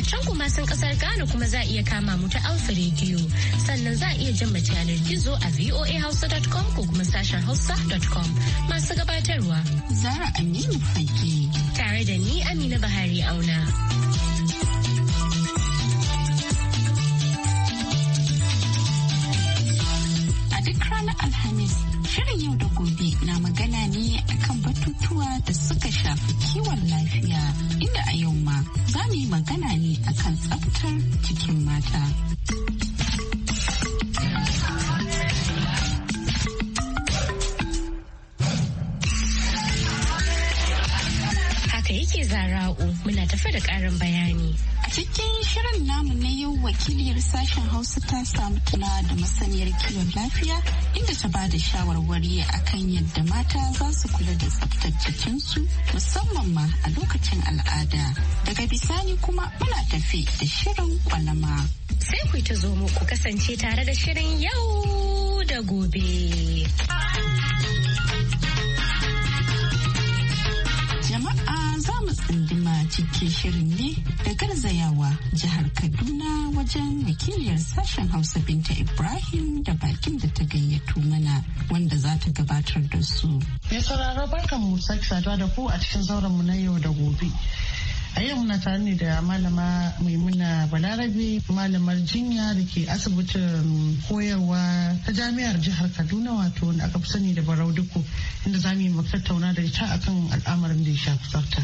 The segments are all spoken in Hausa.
a can kuma sun kasar Ghana kuma za iya kama mu ta Alfa Radio sannan za iya jin yanar gizo a voahausa.com ko kuma sashen hausa.com masu gabatarwa Zara Aminu Fage tare da ni Amina Bahari Auna. A ranar Alhamis Shirin yau da gobe na magana ne akan batutuwa da suka shafi kiwon lafiya inda a yau ma za mu yi magana ne akan tsaftar cikin mata. na tafe da karin bayani. A cikin shirin namu na yau wakiliyar sashen Hausa ta samu tunawa da masaniyar kiwon lafiya inda ta ba da shawarwari akan yadda mata za su kula da tsaftar jikinsu musamman ma a lokacin al'ada. Daga bisani kuma muna tafe da shirin kwalama. Sai ku ta zo mu ku kasance tare da shirin yau da gobe. za mu cikin shirin ne da garzayawa jihar Kaduna wajen wakiliyar sashen Hausa Binta Ibrahim da bakin da ta gayyato mana wanda za ta gabatar da su. Mai sauraro barkan mu sake saduwa da ku a cikin zauren mu na yau da gobe. A yau muna tare ne da malama Maimuna Balarabe malamar jinya da ke asibitin koyarwa ta jami'ar jihar Kaduna wato wanda aka fi sani da Barau Duku inda za mu yi tattauna da ita akan al'amarin da ya shafi tsafta.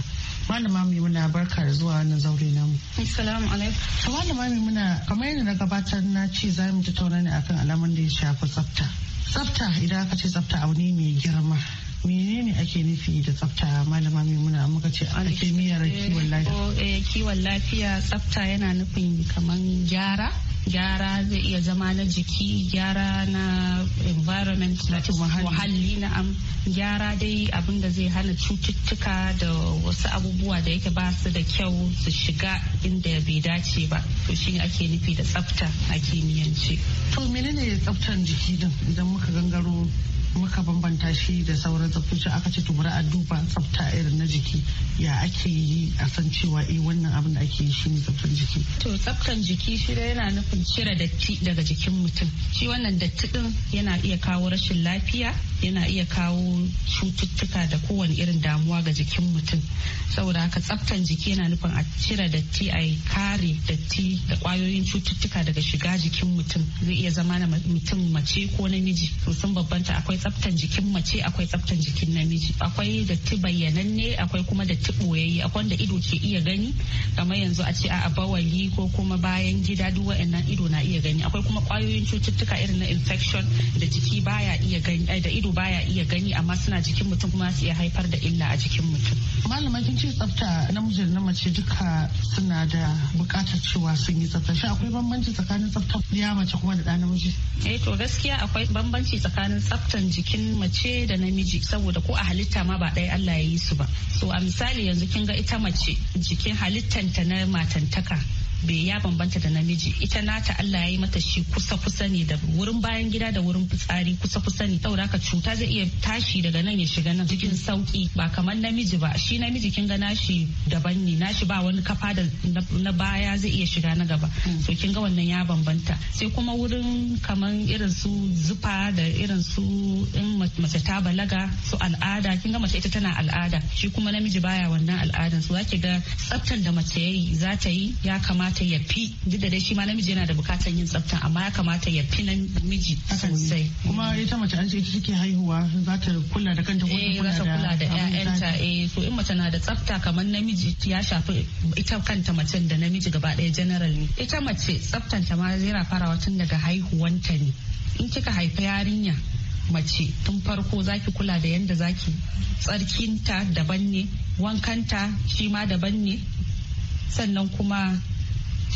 Malama Maimuna barka da zuwa wannan zaure namu. Assalamu alaikum. To Malama Maimuna kamar yadda na gabatar na ce za mu tattauna ne akan al'amarin da ya shafi tsafta. Tsafta idan aka ce tsafta abu ne mai girma ake nufi da tsafta malama muna muka ce a kimiyyar kiwon lafiya eh, eh, kiwon lafiya tsafta yana nufin kamar gyara gyara zai iya zama na jiki gyara na environment na muhalli na gyara dai abin da zai hana cututtuka da wasu abubuwa da yake ba su da kyau su shiga inda bai dace ba to shi ake nufi da tsafta a kimiyyance to menene tsaftar jiki din idan muka gangaro muka bambanta shi da sauran tsaftoci aka ce tubura a duba tsafta irin na jiki ya ake yi a san cewa eh wannan abin da ake yi shi ne tsaftar jiki to tsaftan jiki shi yana nufin cire datti daga jikin mutum shi wannan datti din yana iya kawo rashin lafiya yana iya kawo cututtuka da kowane irin damuwa ga jikin mutum saboda haka tsaftan jiki yana nufin a cire datti a kare datti da kwayoyin cututtuka daga shiga jikin mutum zai iya zama na mutum mace ko namiji to sun babbanta akwai tsaftan jikin mace akwai tsaftan jikin namiji akwai datti bayyananne akwai kuma datti boyayye akwai wanda ido ke iya gani kamar yanzu a ce a bawali ko kuma bayan gida duk wa'annan ido na iya gani akwai kuma kwayoyin cututtuka irin na infection da jiki baya iya gani eh, da ido baya iya gani amma suna jikin mutum kuma su iya haifar da illa a jikin mutum malamai kin ce tsafta namiji na mace duka suna da bukatar cewa sun yi tsafta shi akwai bambanci tsakanin tsaftar ya mace kuma da ɗan namiji eh to gaskiya akwai bambanci tsakanin tsaftan jikin mace da namiji saboda ko a halitta ma ba ɗaya Allah ya yi su ba so a misali yanzu kin ga ita mace jikin halittanta na matantaka bai ya bambanta da namiji ita nata Allah ya yi mata shi kusa kusa ne da wurin bayan gida da wurin fitsari kusa kusa ne saboda cuta zai iya tashi daga nan ya shiga nan cikin sauki ba kamar namiji ba shi namiji kin ga nashi daban ne nashi ba wani kafa da na baya zai iya shiga na gaba hmm. so kin ga wannan ya bambanta sai kuma wurin kamar irin su zufa da irin su in mace ta balaga su al'ada kin ga mace ita tana al'ada shi kuma namiji baya wannan al'adan su zaki ga tsaftan da mace yayi za ta yi ya kamata kamata ya fi duk da dai shi ma namiji yana da bukatar yin tsafta amma ya kamata ya fi namiji sosai kuma ita mace an ce ita take haihuwa za ta kula da kanta ko ta eh, kula da ƴaƴanta eh to in mace na da tsafta kamar namiji ya shafi ita kanta mace da namiji gaba ɗaya general ne ita mace tsaftanta ma yana farawa tun daga haihuwanta ne in kika haifi yarinya mace tun farko zaki kula da yadda zaki tsarkinta daban ne wankanta shi ma daban ne sannan kuma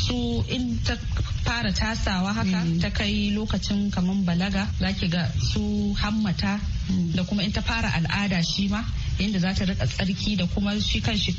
su in ta fara tasawa haka mm. ta kai lokacin kamar balaga za ki ga su hammata mm. da kuma in ta fara al'ada shi ma yadda za ta rika tsarki da kuma shi kan shi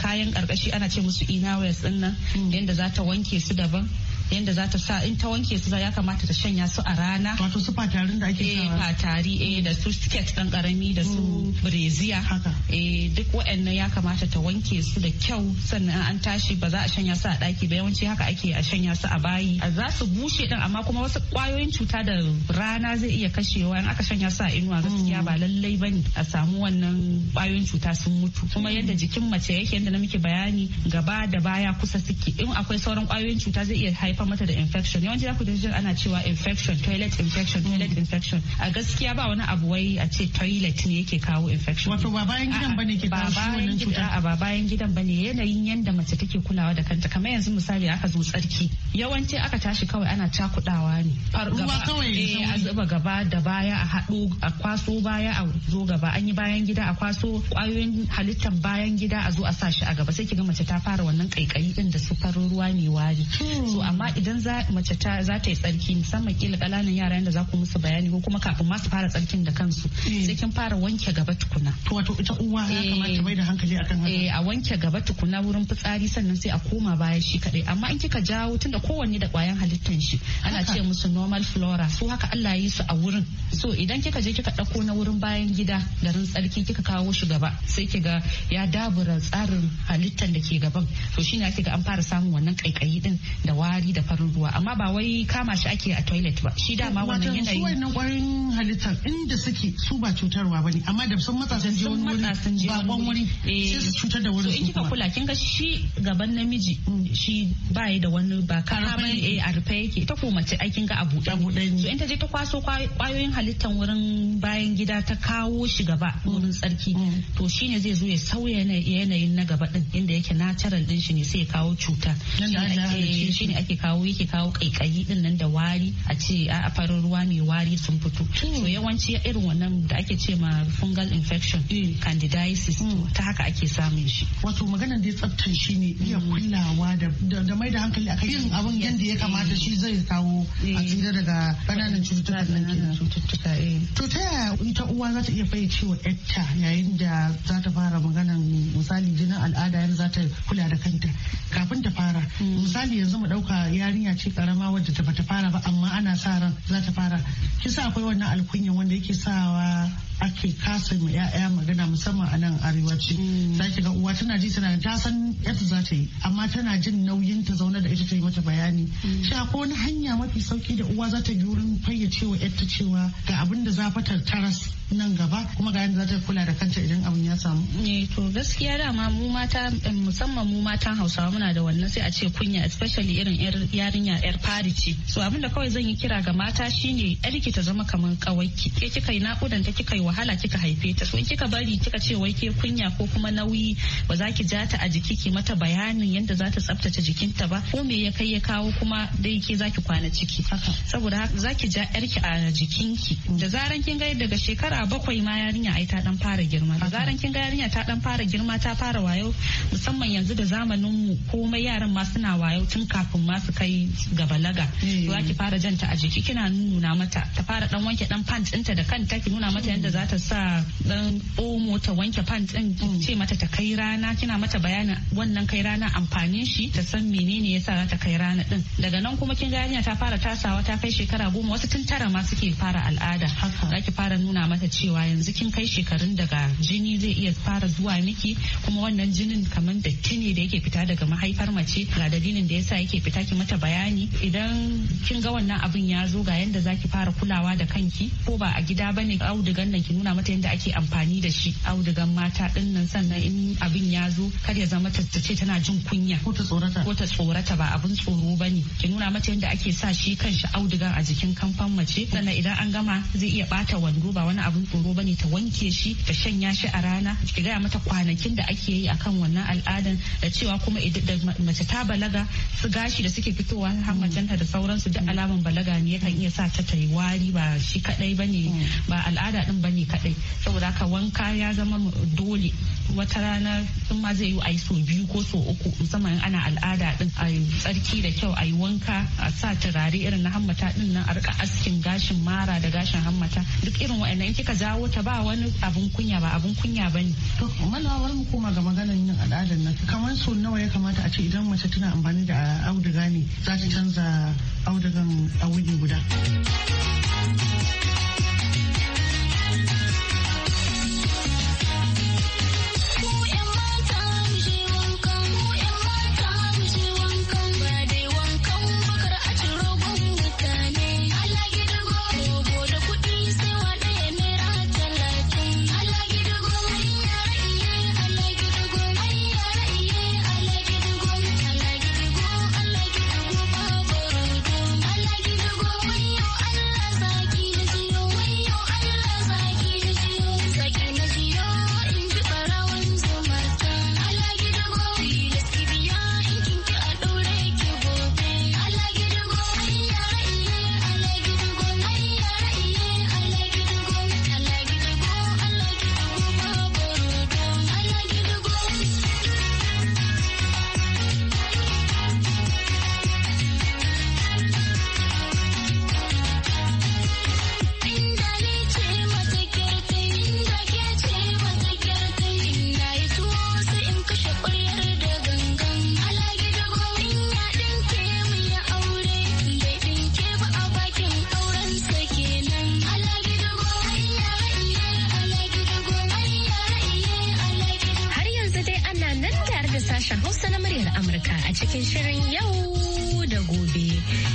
kayan karkashi ana ce musu ina wayas nan mm. yadda za ta wanke su daban yadda za ta sa in ta wanke su ya kamata ta shanya su a rana wato su fatarin da ake eh fatari eh da su skirt dan karami da su mm. breziya haka eh duk waɗannan ya kamata ta wanke su da kyau sannan an tashi ba za a shanya su a daki ba yawanci haka ake a shanya su a bayi za su bushe din amma kuma wasu kwayoyin cuta da rana zai iya kashewa in aka shanya su a inuwa gaskiya ba mm. lallai bane a samu wannan kwayoyin cuta sun mutu kuma yadda jikin mace yake yadda na muke bayani gaba da baya kusa suke in akwai sauran kwayoyin cuta zai iya haifar haifar mata da infection yawanci zaku ji ana cewa infection toilet infection toilet infection a gaskiya ba wani abu wai a ce toilet ne yake kawo infection wato ba bayan gidan bane ke kawo wannan cuta a ba bayan gidan bane yanayin yanda mace take kulawa da kanta kamar yanzu misali aka zo tsarki yawanci aka tashi kawai ana cakudawa ne ruwa kawai eh, a zuba gaba da baya a haɗo a kwaso baya a zo gaba an yi bayan gida a kwaso kwayoyin halittar bayan gida a zo a sa shi a gaba sai kiga mace ta fara wannan kaikayi din da su farin ruwa ne wari hmm. so amma amma idan za mace ta za ta yi tsarki musamman kila kananan yara yadda za ku musu bayani ko kuma kafin masu fara tsarkin da kansu eh. sai kin fara wanke gaba tukuna wato ita uwa ya eh. kamata mai da hankali akan haka eh a wanke gaba tukuna wurin fitsari sannan sai a koma baya shi kadai amma in kika jawo tunda kowanne da kwayan halittan shi ana ce musu normal flora su haka Allah ya yi su a wurin so idan kika je kika dauko na wurin bayan gida garin tsarki kika kawo shi gaba sai kiga ya dabura tsarin halittan da ke gaban to shine ake ga an fara samun wannan kaikayi din da wari da farin ruwa amma ba wai kama shi ake a toilet ba shi dama wannan yanayi wato wannan kwarin halittar inda suke su ba cutarwa bane amma da sun matsa san je wani wuri ba kwan wuri sai su eh, cutar da wurin su in kika kula kin ga shi gaban namiji mm, shi ba ya da wani ba kama ne eh, a rufe yake ta ko mace ai kin ga a buɗe so in ta je ta kwaso kwayoyin halittar wurin bayan gida ta kawo shi gaba mm. wurin tsarki mm. to shine zai zo ya sauya yanayin na gaba din inda yake natural din shi ne sai ya kawo cuta ne ake kawo yake kawo kaikayi din nan da wari a ce a farin ruwa mai wari sun fito hmm. to yawanci irin wannan da ake ce ma fungal infection candidiasis hmm. ta haka ake samun shi wato maganar da tsaftar shi ne iya hmm. kulawa da mai da hankali akan yin abin yadda ya kamata shi zai kawo a eh. tsira daga Bananan cututtuka nan eh. cututtuka to ta yaya ita uwa za ta iya fayyace wa yarta yayin da za ta fara maganar misali jinin al'ada yadda za ta kula da kanta kafin ta fara misali yanzu mu ɗauka yarinya ce karama wadda ta bata fara ba amma ana sa ran za ta fara kisa akwai wannan alkunya wanda yake sawa ake kasa ma ya'ya magana musamman a nan arewaci mm. za ki ga uwa tana ji tana ta san yadda za ta yi amma tana jin nauyin ta zauna da ita ta yi mata bayani mm. shi akwai wani hanya mafi sauki da uwa za ta yi wurin fayyacewa yadda cewa ga abin da za ta taras nan gaba kuma ga yadda za ta kula da kanta idan abin ya samu eh, to gaskiya dama mu mata musamman mu matan Hausawa muna da wannan sai a ce kunya especially irin yarinya yar fari ce so abin da kawai zan yi kira ga mata shine yarki ta zama kamar kawai ke kika yi nakudan ta kika yi wahala kika haife ta so in kika bari kika ce wai ke kunya ko kuma nauyi ba za ki ja ta a jiki ki mata bayanin yadda za ta tsaftace jikinta ba ko me ya kai ya kawo kuma dai ke za ki kwana ciki saboda haka za ki ja yarki a jikinki mm. da zaran kin ga daga shekara bakwai ma yarinya ai ta dan fara girma da zaran kin ga yarinya ta dan fara girma ta fara wayo musamman yanzu da zamanin mu komai yaran ma suna wayo tun kafin ma su kai ga balaga eh. za ki fara janta a jiki kina nuna mata ta fara dan wanke dan pant ɗinta da kanta ki nuna mata yadda za ta sa dan omo ta wanke pant ɗin hmm. ce mata ta kai rana kina mata bayanin wannan kai rana amfanin shi ta san menene yasa za ta kai rana din daga nan kuma kin ga yarinya ta fara tasawa ta kai shekara goma wasu tun tara ma suke fara al'ada za ki fara nuna mata cewa yanzu kin kai shekarun daga jini zai iya fara zuwa miki kuma wannan jinin kamar da ne da yake fita daga mahaifar mace ga dalilin da yasa yake fita ki mata bayani idan kin ga wannan abin ya zo ga yanda zaki fara kulawa da kanki ko ba a gida bane audugan nan ki nuna mata yanda ake amfani da shi audugan mata din nan sannan in abin ya zo kar ya zama ta ce tana jin kunya ko ta tsorata ko ta tsorata ba abin tsoro bane ki nuna mata yanda ake sa shi kanshi audugan a jikin kamfan mace sannan idan an gama zai iya bata wando ba wani abin tsoro bane ta wanke shi ta shanya shi a rana ki gaya mata kwanakin da ake yi akan wannan al'adan da cewa kuma idan mace ta balaga su gashi da suke take fitowa hammacenta da sauransu duk alaman balaga ne yakan iya sa ta ta yi wari ba shi kadai bane mm. ba al'ada din bane kadai saboda haka wanka ya zama dole wata rana sun ma zai yi a so biyu ko so uku musamman ana al'ada din a yi tsarki da kyau a yi wanka a sa turare irin na hammata din nan a rika askin gashin mara da gashin hammata duk irin wa'annan kika jawo ta ba wani abun kunya ba abun kunya bane to malama koma ga maganar yin al'adar nan kamar so nawa ya kamata a ce idan mace tana amfani da auduga ne ne za ta canza audugan a wuni guda.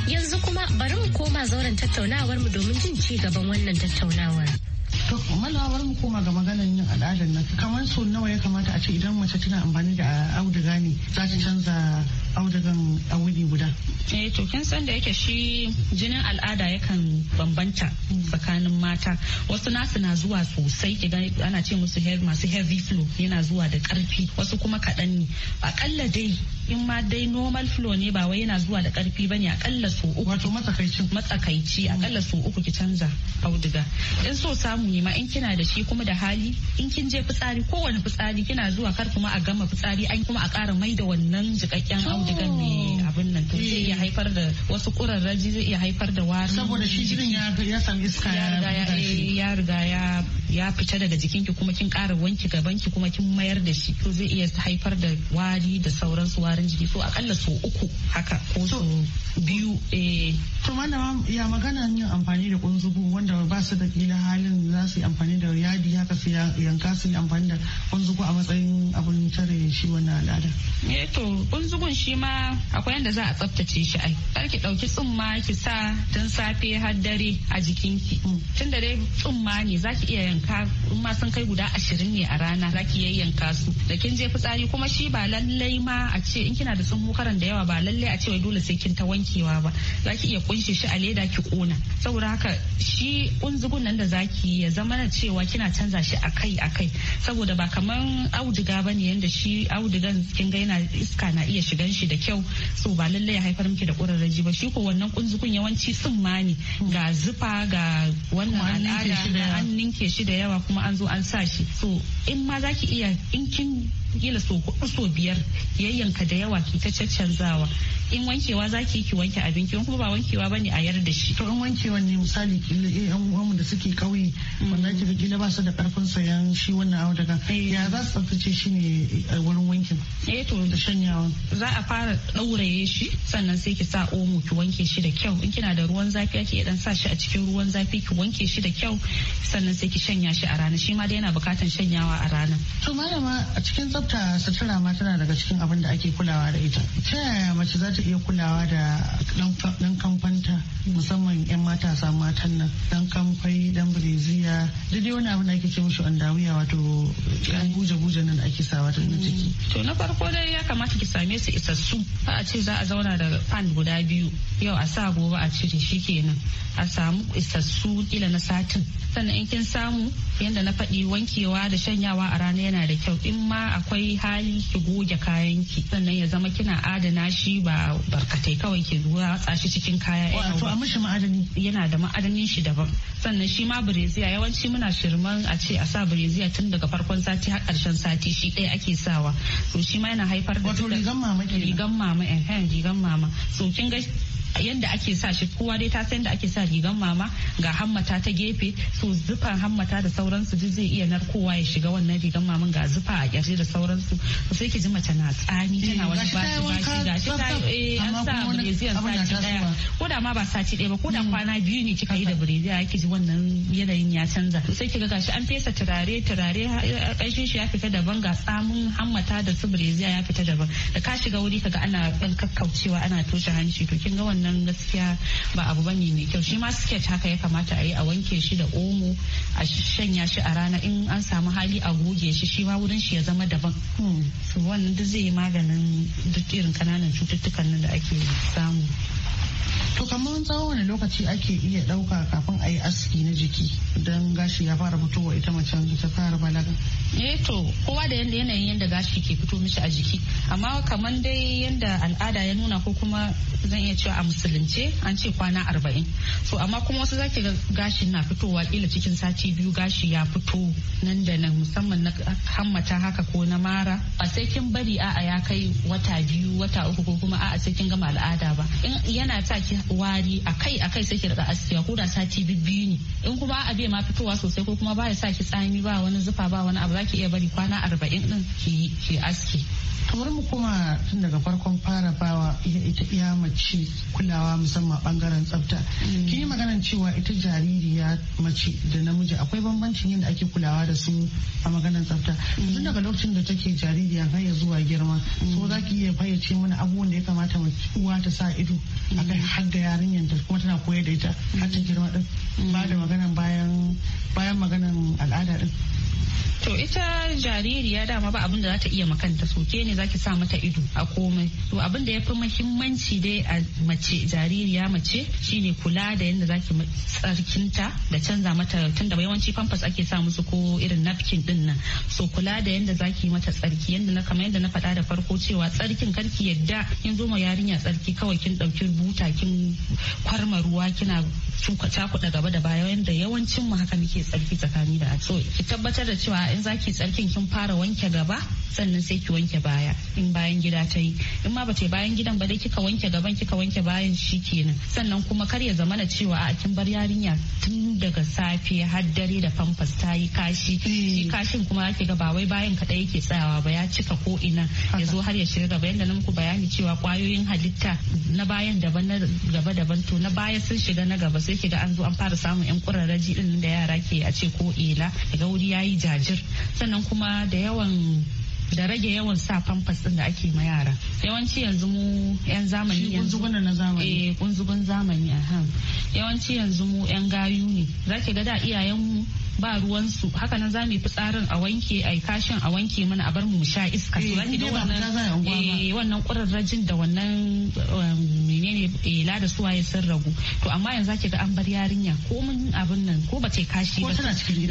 Yanzu kuma bari mu koma zauren tattaunawar mu domin jin ci gaban wannan tattaunawar. To malawar mu koma ga maganar yin al'adar nan kamar su nawa ya kamata a ce idan mace tana amfani da auduga ne za ta canza audugan a wuni guda. Eh to kin san da yake shi jinin al'ada yakan bambanta tsakanin mata wasu nasu na zuwa sosai kiga ana ce musu masu heavy flow yana zuwa da karfi wasu kuma kaɗan ne akalla dai in ma dai normal flow ne ba wai yana zuwa da karfi bane akalla su uku wato matsakaici matsakaici akalla su uku ki canza auduga in so samu ne ma in kina da shi kuma da hali in kin je fitsari kowane fitsari kina zuwa kar kuma a gama fitsari an kuma a ƙara mai da wannan jikakken audigan ne mm. abin nan to zai iya haifar da wasu kurarraji zai iya haifar da wari saboda shi jinin ya sami iska eh, ya riga ya ya fita daga jikinki kuma kin ƙara wanki ki kuma kin mayar da shi to zai iya haifar da wari da sauran su warin jiki so akalla so uku haka ko so biyu eh to mana ya magana yin amfani da kunzugu wanda ba su da kila halin za su yi amfani da yadi haka su yanka su yi amfani da kunzugu a matsayin abin tare shi wannan al'ada eh to kunzugun shi shi ma akwai yadda za a tsaftace shi ai kar ki dauki tsumma ki sa tun safe har dare a jikinki mm. tun da dai tsumma ne za ki iya yanka in ma sun kai guda ashirin ne a rana za ki yayyanka su da kin je fitsari kuma shi ba lallai ma a ce in kina da tsummu karan da yawa ba lallai a ce wai dole sai kin ta wankewa ba za ki iya kunshe shi a leda ki kona saboda haka shi unzugun nan da za ki ya zama na cewa kina canza shi akai akai saboda ba kaman auduga bane yanda shi audugan kin ga yana iska na iya shigan shi shi da kyau so ba lallai ya haifar miki da ƙurarraji ba shi ko wannan kunzukun yawanci sun ma ne ga zufa ga wannan al'ada an ninke shi da yawa kuma an zo an sa shi so in ma zaki iya in kin kila so hudu so biyar yayyanka da yawa ki ta caccanzawa in wankewa za ki ki wanke abinci in kuma ba wankewa bane a yar da shi to in wankewa ne misali kila eh yan uwanmu da suke kauye wannan ga kila ba su da karfin sayan shi wannan auduga eh. ya za su tsaftace shi ne a eh, wurin wankin eh to da shanyawa za a fara dauraye shi sannan sai ki sa omo ki wanke shi da kyau in kina da ruwan zafi ki dan sa shi a cikin ruwan zafi ki wanke shi da kyau sannan sai ki shanya shi a rana shi ma dai yana bukatan shanyawa a rana to malama a cikin tsafta sutura ma tana daga cikin abin da ake kulawa da ita ta yaya mace za ta iya kulawa da dan kamfanta musamman yan matasa matan nan dan kamfai dan bireziya duk dai wani abin da ake ce mishi andawiya wato yan guje-guje nan da ake sawa ta na ciki mm. to na farko dai ya kamata ki same su isassu ba a ce za a zauna da fan guda biyu yau a sa gobe a cire shi kenan a samu isassu kila na satin sannan in kin samu yanda na faɗi wankewa da shanyawa a rana yana da kyau in ma a. akwai hali ki goge kayan ki sannan ya zama kina adana shi ba barkatai kawai ki watsa shi cikin kaya wato a mishi ma'adani yana da ma'adanin shi daban sannan shi ma bireziya yawanci muna shirman a ce a sa bireziya tun daga farkon sati har karshen sati shi ɗaya ake sawa to shi ma yana haifar da wato rigan mama rigan mama eh, eh rigan mama so kin ga yanda ake sa shi kowa dai ta san yanda ake sa rigan mama ga hammata ta gefe so zufan hammata da sauransu duk zai iya narkowa ya shiga wannan rigan maman ga zufa a kyarje da sauransu sai ki ji mace na tsani eh, tana wani bashi bashi ga shi ta eh an sa sa sati daya ko da ma ba sati daya ba ko da mm. kwana biyu ne kika yi da breziya ki ji wannan yanayin ya canza sai ga gashi an fesa turare turare eh, ƙanshin shi ya fita daban ga tsamin hammata da su breziya ya fita daban da ka shiga wuri kaga ana ɗan kakkaucewa ana toshe hanci to kin ga wannan wannan gaskiya ba abu bane mai kyau shi ma sketch haka ya kamata a yi a wanke shi da omo a shanya shi a rana in an samu hali a goge shi shi ma wurin shi ya zama daban hmm. wannan duk zai yi maganin duk irin kananan cututtukan nan da ake samu To kamar tsawon wani lokaci ake iya ɗauka kafin a yi aski na jiki don gashi ya fara fitowa ita mace wanda ta fara balaga? Eh to kowa da yanda yanayin yanda gashi ke fito mishi a jiki amma kamar dai yanda al'ada ya nuna ko kuma zan iya cewa a musulunce an ce kwana arba'in so amma kuma wasu zaki ga gashi na fitowa kila cikin sati biyu gashi ya fito nan da nan musamman na hammata haka ko na mara a sai kin bari a'a ya kai wata biyu wata uku ko kuma a'a sai kin gama al'ada ba in yana sa ki wari akai akai sai sake daga asiya ko da sati bibbiyu ne in kuma a biya ma fitowa sosai ko kuma baya sa ki tsami ba wani zufa ba wani abu zaki iya bari kwana arba'in din ki ki aski kamar mu kuma tun daga farkon fara bawa ita iya mace kulawa musamman bangaren tsafta mm. ki yi maganar cewa ita jaririya mace da namiji akwai bambancin yadda ake kulawa da su a maganar tsafta mm. tun daga lokacin da take jaririya har ya zuwa girma so mm. zaki iya fayyace mana abubuwan da ya kamata uwa ta sa ido a har da yarinyar ta kuma tana koyar da ita har ta girma din ba da maganan bayan bayan maganan al'ada din To ita jaririya dama ba abin da za ta iya makanta soke ne zaki sa mata ido a komai. To abin da ya fi muhimmanci dai a mace jaririya mace shine kula da yadda zaki tsarkinta da canza mata tun da yawanci famfas ake sa musu ko irin napkin din nan. So kula da yadda zaki mata tsarki yadda na kamar yadda na faɗa da farko cewa tsarkin karki yadda kin zo ma yarinya tsarki kawai kin ɗauki buta kin kwarma ruwa kina cuka cakuɗa gaba da baya yadda yawancin mu haka muke tsarki tsakani da so ki tabbatar da cewa in zaki tsarkin kin fara wanke gaba sannan sai ki wanke baya in bayan gida ta yi in ma bata bayan gidan ba dai kika wanke gaban kika wanke bayan shi kenan sannan kuma kar ya zamana cewa a kin bar yarinya tun daga safe har dare da famfas ta yi kashi mm. shi kashin kuma ake ga ba wai bayan kaɗai yake tsayawa ba ya cika ko ina ya zo har ya shiga gaba yadda na muku bayani cewa kwayoyin halitta na bayan daban na gaba daban to na baya sun shiga na gaba sai kiga an zo an fara samun yan kurarraji din da yara ke a ce ko ela daga wuri yayi jajir sannan kuma da yawan da rage yawan sa famfas din da ake ma yara yawanci yanzu mu yan zamani yanzu kunzugun na zamani eh kunzugun zamani aha yawanci yanzu mu yan gayu ne zaki ga da iyayen mu ba ruwansu haka nan za mu fi tsarin a wanke a kashin a wanke mana a bar mu sha iska eh, to zaki eh, da wannan wannan kurarrajin da wannan menene eh, lada suwaye sun ragu to amma yanzu zaki ga an bar yarinya ko mun abin nan ko ba ta kashi ba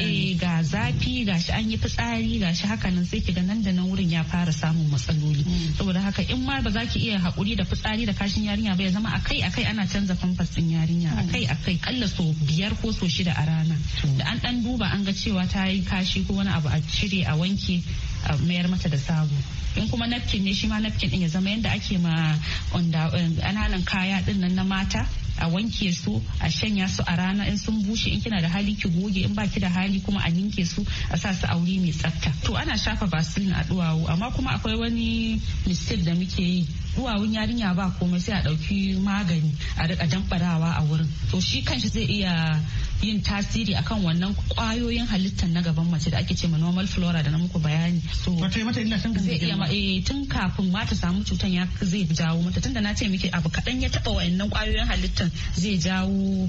eh ga zafi ga shi an yi fitsari gashi haka nan sai ki ga nan da nan wurin ya fara samun matsaloli mm. saboda haka in ma ba za ki iya haƙuri da fitsari da kashin yarinya ba ya zama akai akai ana canza famfas din yarinya akai mm. akai kalla so biyar ko so shida a rana da an dan duba an ga cewa ta yi kashi ko wani abu a cire a wanke a mayar mata da sabo in kuma napkin ne shi ma napkin din ya zama yadda ake ma eh, ƙananan kaya din nan na mata a wanke su a shanya su a rana in sun bushe in kina da hali ki goge in baki da hali kuma a ninke su a sa su a wuri mai tsafta to ana shafa vaseline a duwawu amma kuma akwai wani mistake da muke yi duwawun yarinya ba komai sai a dauki magani a rika damfarawa a wurin to shi kanshi zai iya yin tasiri akan wannan kwayoyin halittar na gaban mace da ake ce ma normal flora da na muku bayani so zai iya ma eh tun kafin mata samu cutan ya zai jawo mata tunda na ce miki abu kadan ya taba wayannan kwayoyin halittar zai jawo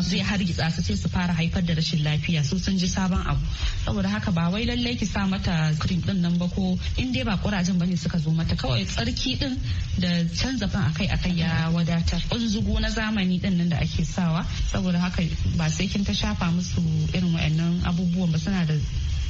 zai hargitsa su sai su fara haifar da rashin lafiya su sun ji sabon abu saboda haka ba wai lallai ki sa mata cream din nan ba ko in dai ba kurajen bane suka zo mata kawai tsarki din da canza fan akai akai ya wadatar kunzugu na zamani din nan da ake sawa saboda haka ba sai kin ta shafa musu irin wayannan abubuwan ba suna da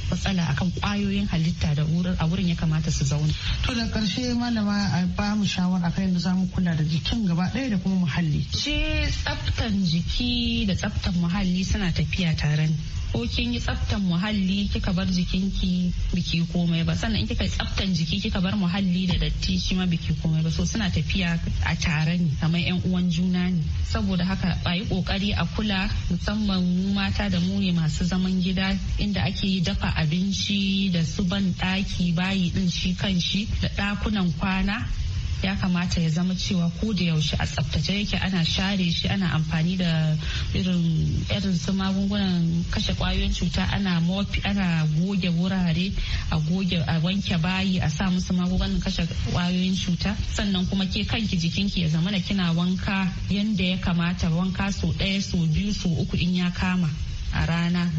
matsala akan kwayoyin halitta da a wurin ya kamata su zauna. To da karshe malama a ba mu a akan yadda za mu kula da jikin gaba ɗaya da kuma muhalli. Shi tsaftan jiki da tsaftan muhalli suna tafiya tare ko kin yi tsaftan muhalli kika bar jikinki biki komai ba sannan in kika tsaftan jiki kika bar muhalli da datti shi ma biki komai ba so suna tafiya a tare ne kamar yan uwan juna ne saboda haka a yi kokari a kula musamman mu mata da mu ne masu zaman gida inda ake dafa abinci da su ban daki bayi din shi kan shi da dakunan kwana ya kamata ya zama cewa ko da yaushe a tsaftace yake ana share shi ana amfani da irin irin su magungunan kashe kwayoyin cuta ana mofi ana goge wurare a goge a wanke bayi a sa musu magungunan kashe kwayoyin cuta sannan kuma ke kanki jikinki ya zama kina wanka yanda ya kamata wanka so ɗaya so biyu so uku in ya kama a rana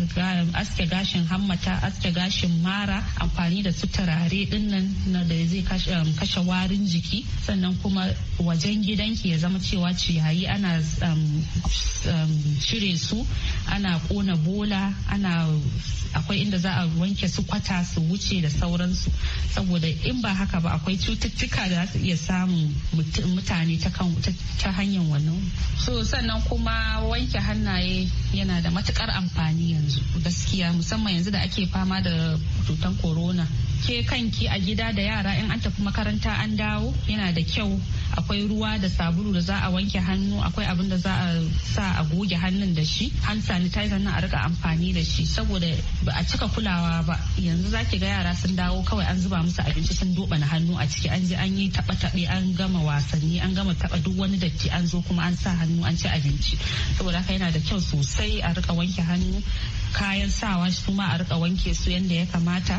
aske gashin hammata aske gashin mara amfani da su turare dinnan na da zai kashe um, warin jiki sannan kuma wajen gidanki ya zama cewa ciyayi ana cire um, um, su ana kona bola ana akwai inda za a wanke su kwata su wuce da sauransu saboda in ba haka ba akwai cututtuka da su iya samun mutane ta hanyar wannan so sannan kuma wanke hannaye yana da matukar amfani yanzu gaskiya musamman yanzu da ake fama da cutar corona ke kanki a gida da yara in an tafi makaranta an dawo yana da kyau akwai ruwa da sabulu da za a wanke hannu akwai abin da za a sa a goge hannun da shi hand sanitizer na a rika amfani da shi saboda ba a cika kulawa ba yanzu zaki ga yara sun dawo kawai an zuba musu abinci sun doba na hannu a ciki an je an yi taba tabe an gama wasanni an gama taba duk wani datti an zo kuma an sa hannu an ci abinci saboda haka yana da kyau sosai a rika wanke hannu kayan sawa su ma a rika wanke su yadda ya kamata.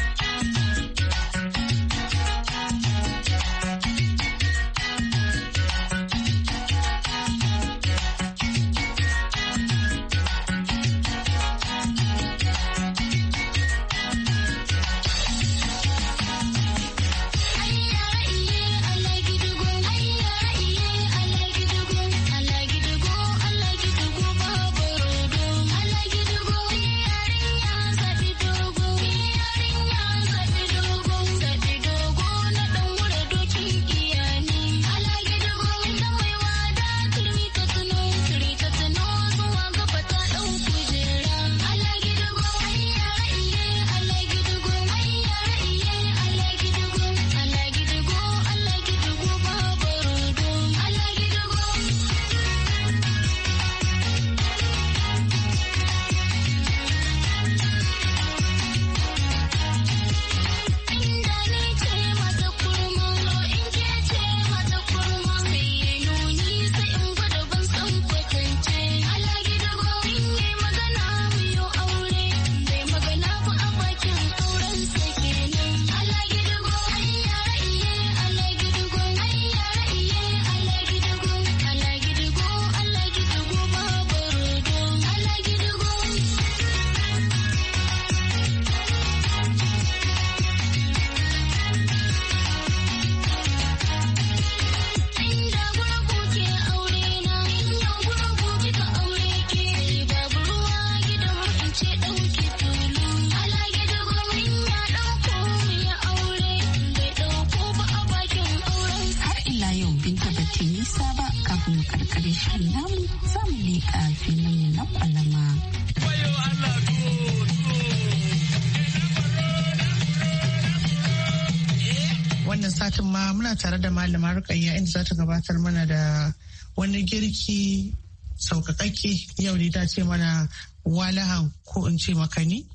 rukayya inda za ta gabatar mana da wani girki sauƙaƙaƙe yau ne ta ce mana walaha ko in ce makani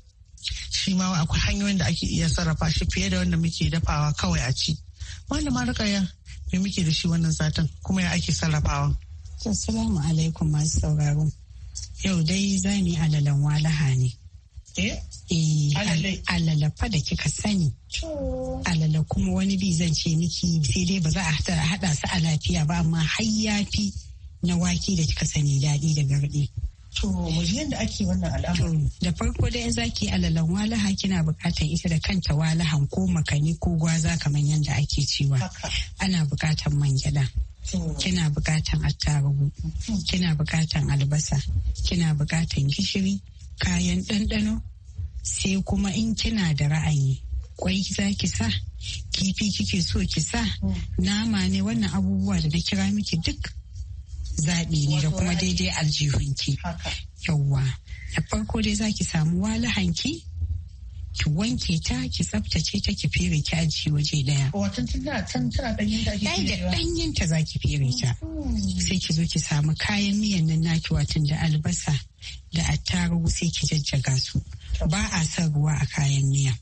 shi ma akwai hanyoyin da ake iya sarrafa shi fiye da wanda muke dafawa kawai a ci malama rukayya me muke da shi wannan zatan kuma ya ake sarrafawa assalamu alaikum masu sauraro yau dai za alalan walaha ne Eh? eh alalafa da kika sani. Alala kuma wani bi zan ce miki sai dai ba za a haɗa su a lafiya ba amma har yafi na wake da kika sani daɗi da garɗi. To waje yadda ake wannan al'amari. Da farko dai in zaki alalan walaha kina buƙatar ita da kanta walahan ko makani ko gwaza kamar yanda ake cewa. Ana buƙatar man gyaɗa. Kina buƙatar attarugu. Hmm. Kina buƙatar albasa. Kina buƙatar gishiri. kayan ɗanɗano sai kuma in kina da ra'ayi kwai za ki sa kifi kike so ki sa nama ne wannan abubuwa da na kira miki duk zaɓi ne da kuma daidai aljihunki yawwa da farko dai za ki samu walahanki wanke ta ki tsaftace ta ki fere ki ajiye waje daya watan oh, tana da za ki fere ta hmm. sai ki zo ki samu kayan miyan nan naki watan da albasa da attarugu sai ki jajjaga su ba a son ruwa a kayan miya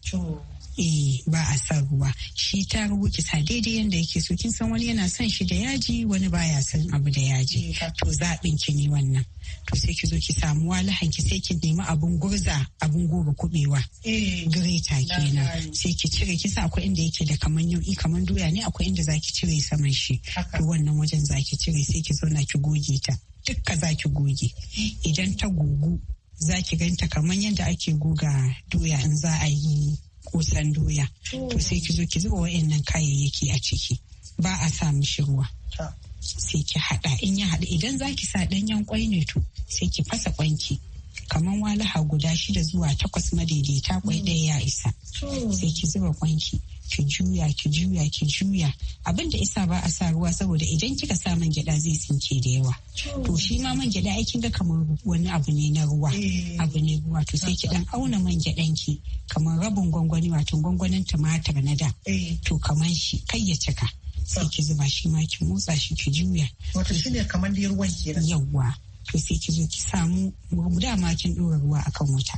eh ba a san ruwa shi ta rubuta kisa daidai yadda yake so kin san wani yana son shi da yaji wani baya san abu da yaji mm, to zaɓin ki ne wannan to sai ki zo ki samu walahan ki sai ki nemi abun gurza abun goga kubewa eh, greta kenan sai ki cire kisa akwai inda yake da kaman yau'i kaman doya ne akwai inda zaki cire saman shi to wannan wajen zaki cire sai ki zauna ki goge ta dukka zaki goge idan ta gugu zaki ganta kaman yadda ake goga doya in za a yi kusan doya to sai ki zo ki zuba wa'annan kayayyaki a ciki ba a sa mishi ruwa sai ki haɗa in ya hada idan za ki sa danyen kwai ne to sai ki fasa kwanki kamar walaha guda shida zuwa takwas madaidaita kwai mm. ɗaya ya isa sai ki zuba kwanki ki juya ki juya ki juya abin da isa ba a sa ruwa saboda idan kika sa man gyada zai sinke da yawa to shi ma man gyada ai kin ga kamar wani abu ne na ruwa eh. abu ne ruwa to sai ki dan auna man gyadan ki kamar rabin gwangwani wato gwangwanin tumatir na da eh. to kamar shi kai ya cika sai ki zuba shi ma ki motsa shi ki juya wato shine kamar da ruwan kenan yawa to sai ki zo ki samu ma kin ɗora ruwa akan wuta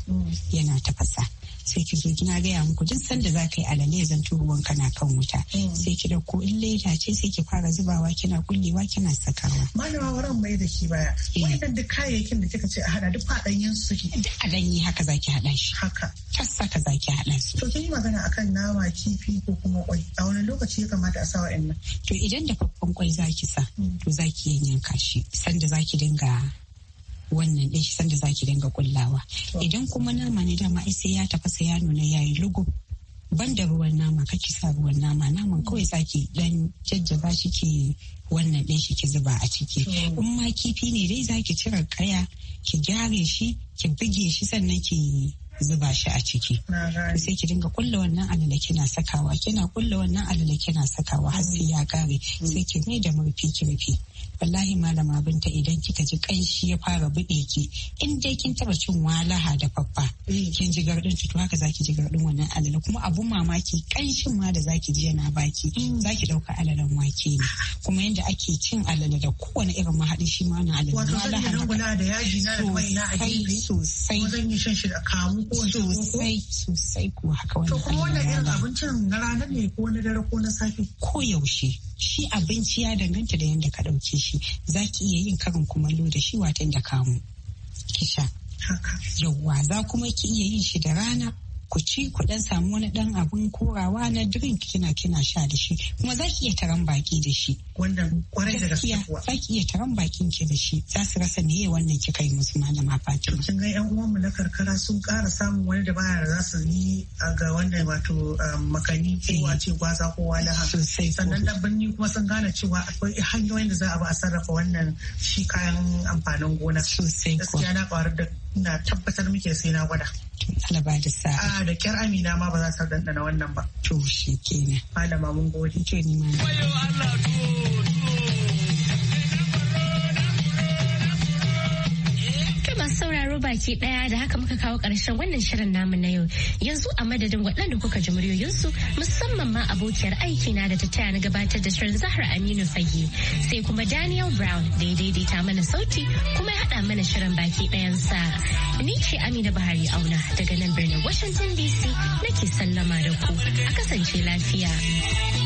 yana tafasa sai ki zo kina gaya muku duk sanda za ka yi alale zan ruwan kana kan wuta sai ki da ko in leda ce sai ki fara zubawa kina kullewa kina sakawa malama wurin mai da shi baya eh. wannan duk kayayyakin da kika ce a hada duk fadanyen su ki duk a yi haka zaki hada shi haka tas saka zaki hada su to kin yi magana akan nama kifi ko kuma kwai a wani lokaci ya kamata a sa wa'annan to idan da faffan kwai zaki sa mm. to zaki yanka shi sanda zaki dinga wannan ɗin shi sanda zaki dinga kullawa idan kuma nama ne dama ai sai ya tafasa ya nuna ya yi lugu ban da ruwan nama kake sa ruwan nama naman kawai za ki dan jajjaba shi ki wannan ɗin shi ki zuba a ciki in ma kifi ne dai za ki cire kaya ki gyare shi ki buge shi sannan ki zuba shi a ciki. Sai ki dinga kulla wannan alala kina sakawa, kina kulla wannan alala kina sakawa har sai ya kare mm. sai ki mai da murfi ki rufe. wallahi malama binta idan kika ji kanshi ya fara buɗe ki in dai kin taba cin walaha da faffa mm. kin ji gardin to haka zaki ji gardin wannan alala kuma abun mamaki kanshin ma da zaki ji yana baki mm. zaki dauka alalan wake ne kuma yanda ake cin alala da kowane irin mahadi shi ma na alala wato zan yi rangula da yaji na da kwai na a gefe sosai zan yi shan shi da kamu ko sosai sosai ko haka wannan to kuma wannan irin abincin na rana ne ko na dare ko na safe ko yaushe shi abinci ya danganta da yadda ka ɗauke shi za ki iya yin karin kumallo da shi watan da kamu ki sha yauwa za kuma ki iya yin shi da rana ku ci ku dan samu wani dan abun korawa na drink kina kina sha da shi kuma za ki iya taron baki da shi wannan kwarai da gaskiya za ki iya taron bakin ki da shi za su rasa meye wannan kika yi musu malama Fatima kin ga yan uwan mu na karkara sun ƙara samun wani da baya za su yi ga wanda wato um, makani eh. cewa ce gwaza ko walaha sannan na birni kuma sun gane cewa akwai hanyoyin da za a ba a sarrafa wannan shi kayan amfanin gona sosai gaskiya na ƙwarar da na tabbatar muke sai na gwada. Allah ba da sa'a. A ah, da kyar Amina ma ba za ta dandana wannan ba. To shi kenan. Malama mun gode. Ke ni ma. Wayo Allah to. sauraro baki daya da haka muka kawo karshen wannan shirin namu na yau yanzu a madadin waɗanda kuka ji muryoyinsu musamman ma abokiyar aiki na da ta taya na gabatar da shirin zahar aminu fage sai kuma daniel brown da ya daidaita mana sauti kuma ya haɗa mana shirin baki ɗayan sa ni ce amina buhari auna daga nan birnin washington dc nake sallama da ku a kasance lafiya.